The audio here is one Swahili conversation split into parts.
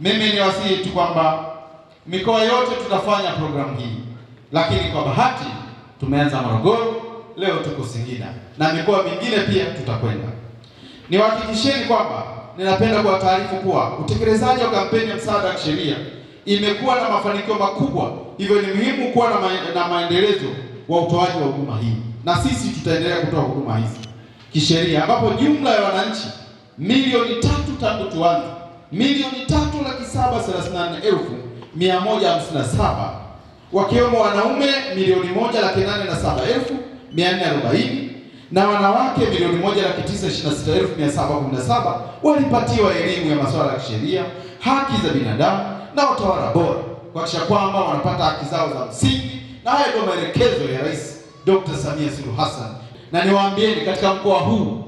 Mimi ni wasihi tu kwamba mikoa yote tutafanya programu hii, lakini kwa bahati tumeanza Morogoro, leo tuko Singida na mikoa mingine pia tutakwenda. Niwahakikishieni kwamba ninapenda kuwataarifu kuwa utekelezaji wa kampeni ya msaada wa kisheria imekuwa na mafanikio makubwa, hivyo ni muhimu kuwa na, ma na maendelezo wa utoaji wa huduma hii, na sisi tutaendelea kutoa huduma hizi kisheria, ambapo jumla ya wananchi milioni tatu tangu tuanze milioni tatu laki saba thelathini na nne elfu mia moja hamsini na saba wakiwemo wanaume milioni moja laki nane na saba elfu mia nne arobaini na wanawake milioni moja laki tisa ishirini na sita elfu mia saba kumi na saba walipatiwa elimu ya masuala ya kisheria, haki za binadamu na utawala bora, kuhakikisha kwamba wanapata haki zao za msingi, na hayo ndio maelekezo ya Rais Dr. Samia Suluhu Hassan. Na niwaambieni, katika mkoa huu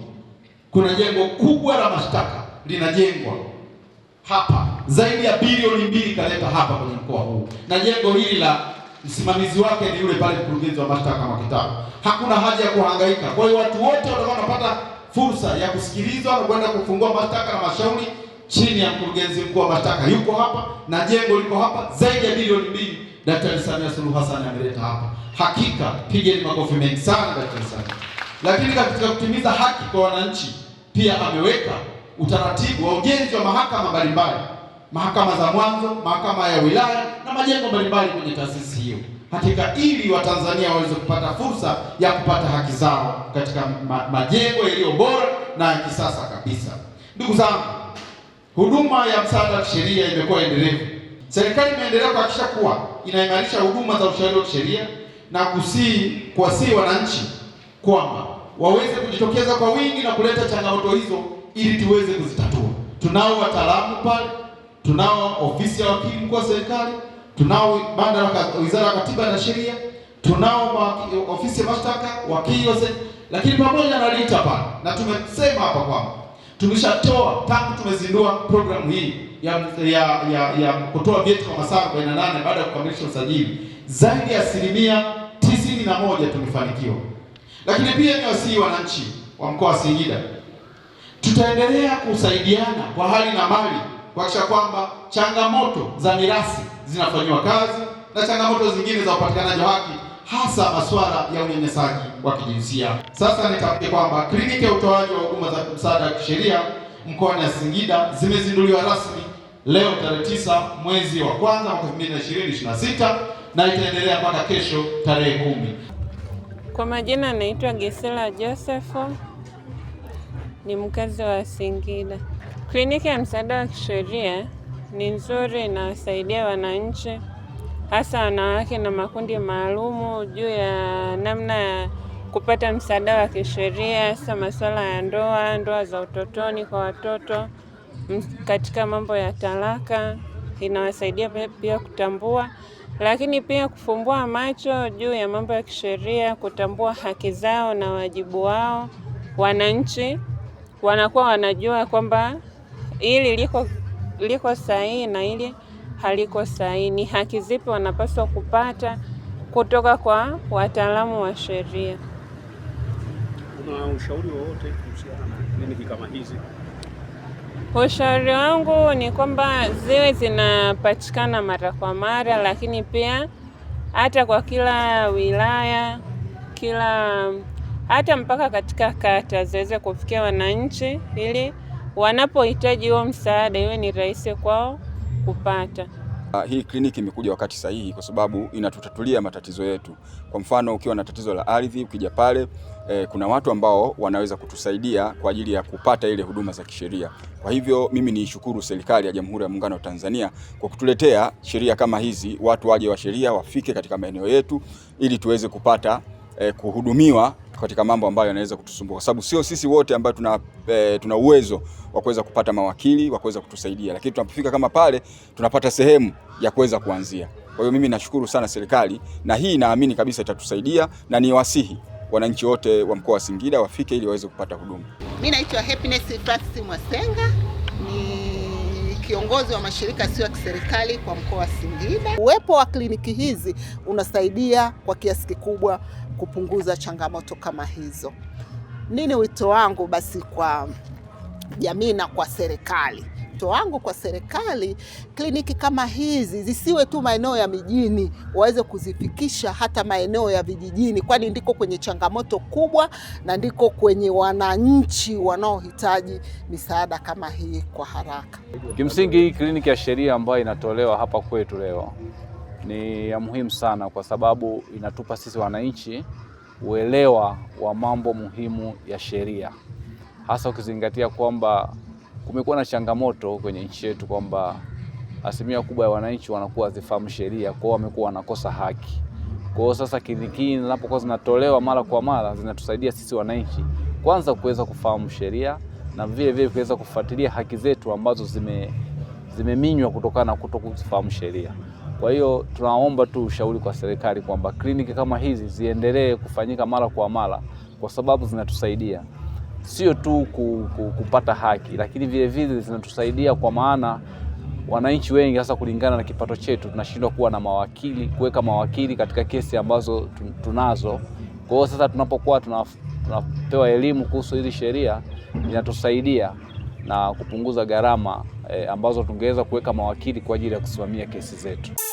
kuna jengo kubwa la mashtaka linajengwa hapa, zaidi ya bilioni mbili kaleta hapa kwenye mkoa huu, na jengo hili la msimamizi wake ni yule pale mkurugenzi wa mashtaka Makitao. Hakuna haja ya kuhangaika. Kwa hiyo watu wote watakuwa wanapata fursa ya kusikilizwa na kwenda kufungua mashtaka na mashauri chini ya mkurugenzi mkuu wa mashtaka, yuko hapa na jengo liko hapa, zaidi ya bilioni mbili Daktari Samia Suluhu Hassan ameleta hapa. Hakika pigeni makofi mengi sana Daktari Samia. Lakini katika kutimiza haki kwa wananchi pia ameweka utaratibu wa ujenzi wa mahakama mbalimbali, mahakama za mwanzo, mahakama ya wilaya na majengo mbalimbali kwenye taasisi hiyo, hakika ili Watanzania waweze kupata fursa ya kupata haki zao katika ma majengo yaliyo bora na ya kisasa kabisa. Ndugu zangu, huduma ya msaada wa kisheria imekuwa endelevu. Serikali imeendelea kuhakikisha kuwa inaimarisha huduma za ushauri wa kisheria na kusii kuwasii wananchi kwamba waweze kujitokeza kwa wingi na kuleta changamoto hizo ili tuweze kuzitatua. Tunao wataalamu pale, tunao ofisi ya wakili mkuu wa serikali, tunao banda la wizara ya katiba na sheria, tunao ofisi ya mashtaka, wakili wa serikali, lakini pamoja na RITA pale, na tumesema hapa kwamba tumeshatoa tangu tumezindua programu hii ya ya ya, ya kutoa vyeti kwa masaa 48 baada ya kukamilisha usajili, zaidi ya asilimia tisini na moja tumefanikiwa. Lakini pia ni wasii wananchi wa mkoa wa Singida Tutaendelea kusaidiana kwa hali na mali kuhakikisha kwamba changamoto za mirathi zinafanyiwa kazi na changamoto zingine za upatikanaji wa haki, hasa masuala ya unyanyasaji wa kijinsia. Sasa nitamke kwamba kliniki ya utoaji wa huduma za msaada wa kisheria mkoani Singida zimezinduliwa rasmi leo tarehe tisa mwezi wa kwanza mwaka 2026 na itaendelea mpaka kesho tarehe kumi. Kwa majina anaitwa Gesela Josepho ni mkazi wa Singida. Kliniki ya msaada wa kisheria ni nzuri, inawasaidia wananchi hasa wanawake na makundi maalumu juu ya namna ya kupata msaada wa kisheria hasa masuala ya ndoa, ndoa za utotoni kwa watoto, katika mambo ya talaka inawasaidia pia kutambua, lakini pia kufumbua macho juu ya mambo ya kisheria, kutambua haki zao na wajibu wao wananchi wanakuwa wanajua kwamba hili liko, liko sahihi na hili haliko sahihi, ni haki zipi wanapaswa kupata kutoka kwa wataalamu wa sheria. Kuna ushauri wowote kuhusiana na kliniki kama hizi? Ushauri wangu ni kwamba ziwe zinapatikana mara kwa mara, lakini pia hata kwa kila wilaya, kila hata mpaka katika kata ziweze kufikia wananchi, ili wanapohitaji huo msaada iwe ni rahisi kwao kupata. Ah, hii kliniki imekuja wakati sahihi kwa sababu inatutatulia matatizo yetu. Kwa mfano, ukiwa na tatizo la ardhi, ukija pale eh, kuna watu ambao wanaweza kutusaidia kwa ajili ya kupata ile huduma za kisheria. Kwa hivyo mimi niishukuru serikali ya Jamhuri ya Muungano wa Tanzania kwa kutuletea sheria kama hizi, watu waje wa sheria wafike katika maeneo yetu ili tuweze kupata eh, kuhudumiwa katika mambo ambayo yanaweza kutusumbua, kwa sababu sio sisi wote ambao tuna, e, tuna uwezo wa kuweza kupata mawakili wa kuweza kutusaidia, lakini tunapofika kama pale tunapata sehemu ya kuweza kuanzia. Kwa hiyo mimi nashukuru sana serikali na hii naamini kabisa itatusaidia na niwasihi wananchi wote wa mkoa wa Singida wafike ili waweze kupata huduma. Mimi naitwa Happiness Francis Mwasenga kiongozi wa mashirika yasiyo ya kiserikali kwa mkoa wa Singida. Uwepo wa kliniki hizi unasaidia kwa kiasi kikubwa kupunguza changamoto kama hizo. Nini wito wangu basi kwa jamii na kwa serikali? wito wangu kwa serikali, kliniki kama hizi zisiwe tu maeneo ya mijini, waweze kuzifikisha hata maeneo ya vijijini, kwani ndiko kwenye changamoto kubwa na ndiko kwenye wananchi wanaohitaji misaada kama hii kwa haraka. Kimsingi, hii kliniki ya sheria ambayo inatolewa hapa kwetu leo ni ya muhimu sana, kwa sababu inatupa sisi wananchi uelewa wa mambo muhimu ya sheria, hasa ukizingatia kwamba kumekuwa na changamoto kwenye nchi yetu kwamba asilimia kubwa ya wananchi wanakuwa zifahamu sheria, kwao wamekuwa wanakosa haki. kwao. sasa kliniki zinapokuwa zinatolewa mara kwa mara, zinatusaidia sisi wananchi kwanza kuweza kufahamu sheria na vile vile kuweza kufuatilia haki zetu ambazo zime zimeminywa kutokana na kutokufahamu sheria. Kwa hiyo tunaomba tu ushauri kwa serikali kwamba kliniki kama hizi ziendelee kufanyika mara kwa mara, kwa sababu zinatusaidia sio tu kupata haki, lakini vilevile zinatusaidia kwa maana wananchi wengi hasa kulingana na kipato chetu tunashindwa kuwa na mawakili, kuweka mawakili katika kesi ambazo tunazo. Kwa hiyo sasa tunapokuwa tunapewa elimu kuhusu hizi sheria inatusaidia na kupunguza gharama eh, ambazo tungeweza kuweka mawakili kwa ajili ya kusimamia kesi zetu.